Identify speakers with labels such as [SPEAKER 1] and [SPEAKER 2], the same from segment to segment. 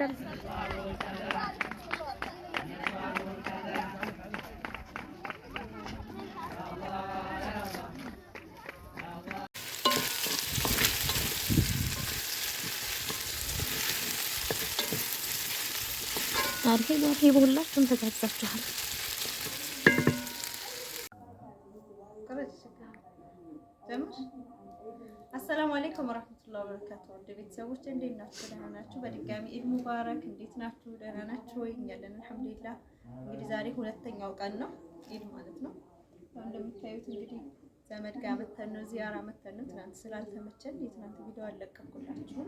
[SPEAKER 1] சார் أرهب أرهب لكم تتعسف لهم تمام ሰላም አለይኩም ወራህመቱላሂ ወበረካቱ። ውድ ቤተሰቦች እንዴት ናችሁ? ደህና ናችሁ? በድጋሚ ኢድ ሙባረክ። እንዴት ናችሁ? ደህና ናችሁ ወይ? እኛ አለን አልሐምዱሊላህ። እንግዲህ ዛሬ ሁለተኛው ቀን ነው ኢድ ማለት ነው። እንደምታዩት እንግዲህ ዘመድ ጋር መተን ነው፣ ዚያራ መተን ነው። ትናንት ስላልተመቸን የትናንት ቪዲዮ አለቀኩላችሁ።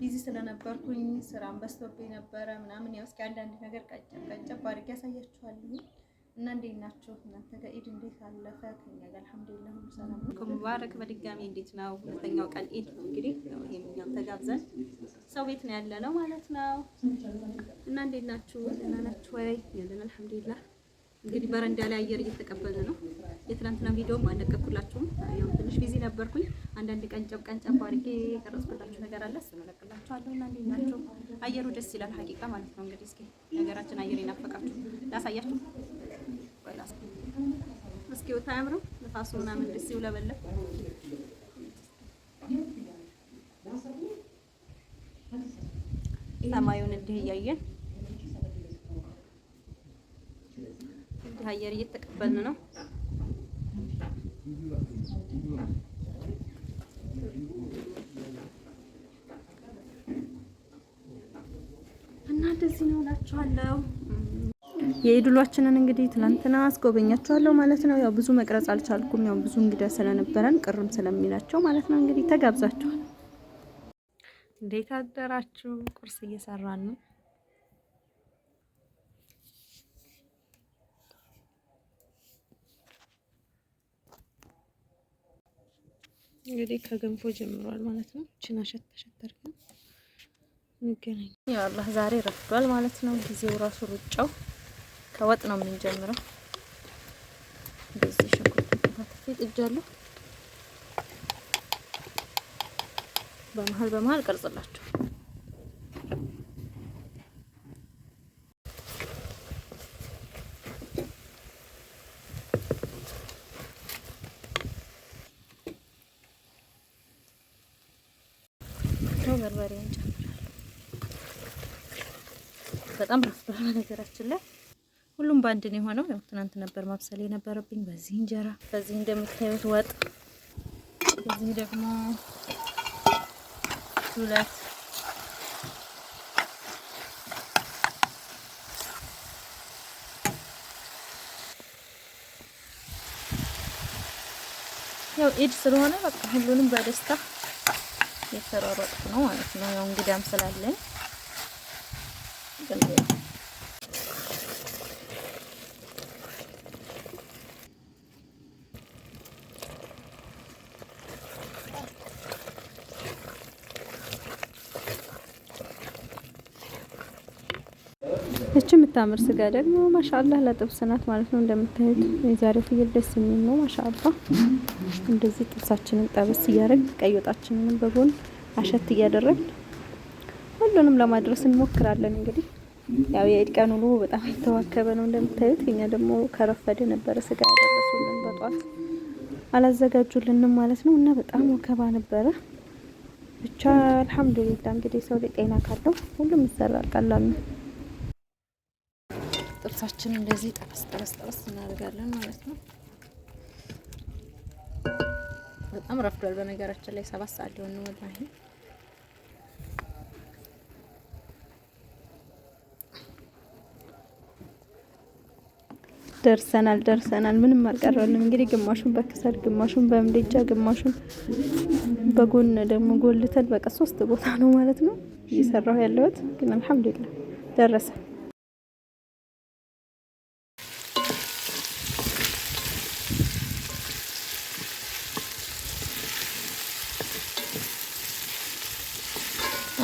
[SPEAKER 1] ቢዚ ስለነበርኩኝ ስራም በዝቶብኝ ነበረ ምናምን። ያው እስኪ አንዳንድ ነገር ቀጨብ ቀጨብ አድርጌ ያሳያችኋለሁ። እና እንዴት ናችሁ? እናንተ ጋር ኢድ እንዴት አለፈ? ከኛ ጋር አልሐምዱሊላህ ሁሉ ሰላም ነው። ሙባረክ በድጋሚ እንዴት ነው? ሁለተኛው ቀን ኢድ ነው እንግዲህ ነው ይሄም እኛም ተጋብዘን ሰው ቤት ነው ያለ ነው ማለት ነው። እና እንዴት ናችሁ? ደህና ናችሁ ወይ? ያለን አልሐምዱሊላህ። እንግዲህ በረንዳ ላይ አየር እየተቀበለ ነው። የትናንትና ቪዲዮም አልለቀኩላችሁም፣ ያው ትንሽ ቢዚ ነበርኩኝ። አንዳንድ ቀንጨብ ቀንጨብ አድርጌ የቀረጽኩላችሁ ነገር አለ፣ እሱን እለቅላችኋለሁ። እና እንዴት ናችሁ? አየሩ ደስ ይላል ሀቂቃ ማለት ነው። እንግዲህ እስኪ ነገራችን አየር ይናፈቃችሁ ላሳያችሁ አያችሁት? አያምርም? ነፋሱ ምናምን ደስ ይውለበለብ ሰማዩን እንዲህ እያየን እንዲህ አየር እየተቀበልን ነው። እና እንደዚህ ነው እላችኋለሁ። የኢድሏችንን እንግዲህ ትናንትና አስጎበኛችኋለሁ ማለት ነው። ያው ብዙ መቅረጽ አልቻልኩም፣ ያው ብዙ እንግዳ ስለነበረን ቅርም ስለሚላቸው ማለት ነው። እንግዲህ ተጋብዛችኋል። እንዴት አደራችሁ? ቁርስ እየሰራን ነው። እንግዲህ ከገንፎ ጀምሯል ማለት ነው። እቺን አሸት ተሸተርኩ እንገናኝ። ያው አላህ ዛሬ ረፍዷል ማለት ነው። ጊዜው ራሱ ሩጫው ከወጥ ነው የምንጀምረው። እንደዚህ ሽንኩርት ተከታትፌ ጥጃለሁ። በመሀል በመሀል ቀርጽላችሁ በርበሬ እንጨምራለሁ። በጣም ረፍቷል ነገራችን ላይ ሁሉም በአንድ ነው የሆነው። ያው ትናንት ነበር ማብሰል የነበረብኝ በዚህ እንጀራ፣ በዚህ እንደምታዩት ወጥ፣ በዚህ ደግሞ ሁለት ያው ኢድ ስለሆነ በቃ ሁሉንም በደስታ የተሯሯጥኩ ነው ማለት ነው። ያው እንግዳም ስላለን እች የምታምር ስጋ ደግሞ ማሻአላህ ለጥብስ ናት ማለት ነው። እንደምታዩት የዛሬው ፍየል ደስ የሚል ነው። ማሻአላህ እንደዚህ ጥብሳችንን ጠበስ እያደረግ ቀይ ወጣችንን በጎን አሸት እያደረግ ሁሉንም ለማድረስ እንሞክራለን። እንግዲህ ያው የኢድ ቀን ውሎ በጣም የተዋከበ ነው እንደምታዩት። እኛ ደግሞ ከረፈደ ነበረ ስጋ ያደረሱልን በጧት አላዘጋጁልንም ማለት ነው እና በጣም ወከባ ነበረ። ብቻ አልሐምዱሊላ እንግዲህ ሰው ላይ ጤና ካለው ሁሉም ይሰራል። ቀላል ነው። ጥብሳችን እንደዚህ ጠበስ ጠበስ ጠበስ እናደርጋለን ማለት ነው። በጣም ረፍዷል። በነገራችን ላይ ሰባት ሰዓት ሊሆን ነው ወላሂ። ደርሰናል ደርሰናል። ምንም አልቀረልም። እንግዲህ ግማሹን በክሰል ግማሹን በምድጃ ግማሹን በጎን ደግሞ ጎልተን በቃ ሶስት ቦታ ነው ማለት ነው እየሰራሁ ያለሁት ግን አልሐምዱሊላህ ደረሰ።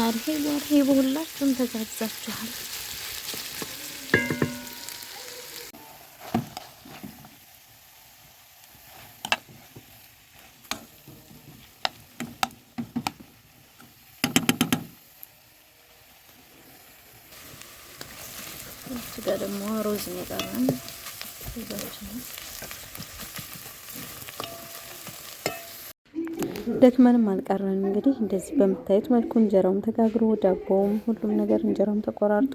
[SPEAKER 1] አርሂቡ አርሂቡ፣ ሁላችሁም ተጋብዛችኋል። እዚህ ጋር ደግሞ ሮዝ ነው። ደክመንም አልቀረን እንግዲህ እንደዚህ በምታዩት መልኩ እንጀራውም ተጋግሮ ዳቦውም፣ ሁሉም ነገር እንጀራውም ተቆራርጦ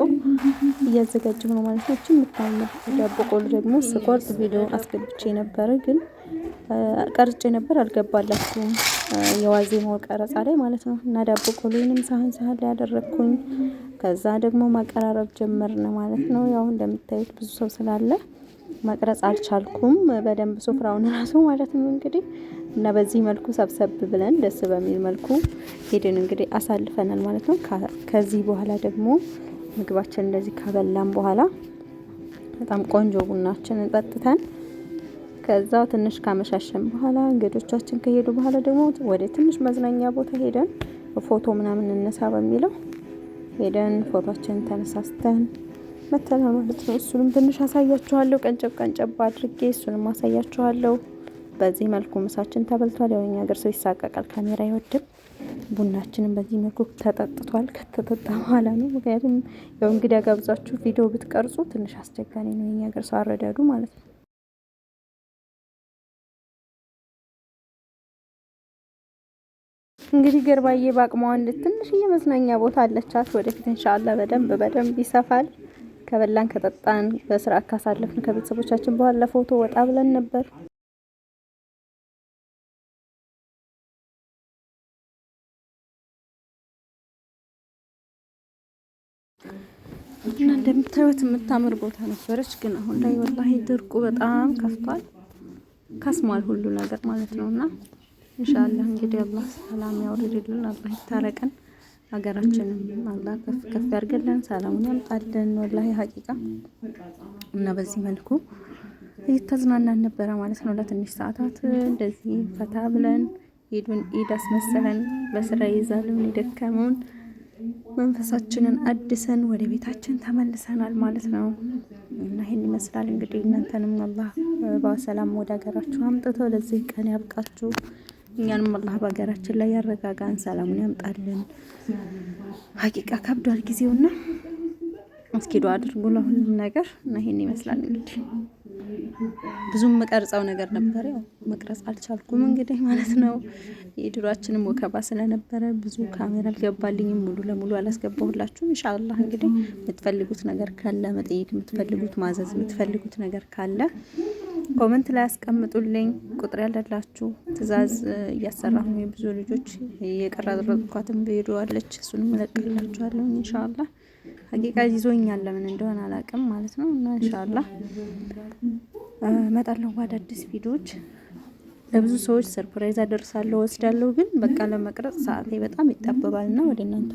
[SPEAKER 1] እያዘጋጀ ነው ማለት ነው። እችን የምታምር ዳቦ ቆሎ ደግሞ ስቆርጥ ቪዲዮ አስገብቼ ነበረ፣ ግን ቀርጬ ነበር አልገባላችሁም፣ የዋዜማው ቀረጻ ላይ ማለት ነው። እና ዳቦ ቆሎንም ሳህን ሳህን ላይ ያደረግኩኝ፣ ከዛ ደግሞ ማቀራረብ ጀመርን ማለት ነው። ያው እንደምታዩት ብዙ ሰው ስላለ መቅረጽ አልቻልኩም በደንብ ሶፍራውን ራሱ ማለት ነው እንግዲህ እና በዚህ መልኩ ሰብሰብ ብለን ደስ በሚል መልኩ ሄድን እንግዲህ አሳልፈናል ማለት ነው። ከዚህ በኋላ ደግሞ ምግባችን እንደዚህ ካበላን በኋላ በጣም ቆንጆ ቡናችንን ጠጥተን ከዛው ትንሽ ካመሻሸን በኋላ እንግዶቻችን ከሄዱ በኋላ ደግሞ ወደ ትንሽ መዝናኛ ቦታ ሄደን ፎቶ ምናምን እነሳ በሚለው ሄደን ፎቶችን ተነሳስተን መተናል ማለት ነው። እሱንም ትንሽ አሳያችኋለሁ። ቀንጨብ ቀንጨብ አድርጌ እሱንም አሳያችኋለሁ። በዚህ መልኩ ምሳችን ተበልቷል። ያው የኛ ሀገር ሰው ይሳቀቃል፣ ካሜራ አይወድም። ቡናችንም በዚህ መልኩ ተጠጥቷል። ከተጠጣ በኋላ ነው። ምክንያቱም ያው እንግዳ ጋብዛችሁ ቪዲዮ ብትቀርጹ ትንሽ አስቸጋሪ ነው፣ የኛ ሀገር ሰው አረዳዱ ማለት ነው። እንግዲህ ገርባዬ በአቅማዋ ትንሽ የመዝናኛ ቦታ አለቻት። ወደፊት እንሻላ በደንብ በደንብ ይሰፋል። ከበላን ከጠጣን በስርዓት ካሳለፍን ከቤተሰቦቻችን በኋላ ፎቶ ወጣ ብለን ነበር። እና እንደምታዩት የምታምር ቦታ ነበረች፣ ግን አሁን ላይ ወላሂ ድርቁ በጣም ከፍቷል። ከስሟል ሁሉ ነገር ማለት ነው። እና ኢንሻአላህ እንግዲህ አላህ ሰላም ያውርድልን፣ አላህ ይታረቀን፣ ሀገራችንም አላህ ከፍ ከፍ ያርግልን፣ ሰላሙን ያምጣልን። ወላሂ ሀቂቃ እና በዚህ መልኩ እየተዝናናን ነበረ ማለት ነው። ለትንሽ ሰዓታት እንደዚህ ፈታ ብለን ኢዱን ኢድ አስመሰለን በስራ ይዛልን የደከመውን መንፈሳችንን አድሰን ወደ ቤታችን ተመልሰናል ማለት ነው። እና ይህን ይመስላል እንግዲህ እናንተንም አላህ በሰላም ወደ ሀገራችሁ አምጥቶ ለዚህ ቀን ያብቃችሁ። እኛንም አላህ በሀገራችን ላይ ያረጋጋን፣ ሰላሙን ያምጣልን። ሀቂቃ ከብዷል ጊዜውና እስኪዶ አድርጉ ለሁሉም ነገር እና ይህን ይመስላል እንግዲህ ብዙም የምቀርጸው ነገር ነበር። ያው መቅረጽ አልቻልኩም እንግዲህ ማለት ነው። የድሯችንም ወከባ ስለነበረ ብዙ ካሜራ አልገባልኝም፣ ሙሉ ለሙሉ አላስገባሁላችሁም። እንሻላ እንግዲህ የምትፈልጉት ነገር ካለ መጠየቅ የምትፈልጉት ማዘዝ የምትፈልጉት ነገር ካለ ኮመንት ላይ ያስቀምጡልኝ። ቁጥር ያለላችሁ ትእዛዝ እያሰራሁ ነው። ብዙ ልጆች የቀረጥኳትን ቪዲዮ አለች፣ እሱንም እለቅላችኋለሁ እንሻላ ሀቂቃ ይዞኛል ለምን እንደሆነ አላውቅም ማለት ነው እና እንሻላ እመጣለሁ አዳዲስ ቪዲዮዎች ለብዙ ሰዎች ሰርፕራይዝ አደርሳለሁ ወስዳለሁ። ግን በቃ ለመቅረጽ ሰዓቴ በጣም ይጣበባልና ወደ እናንተ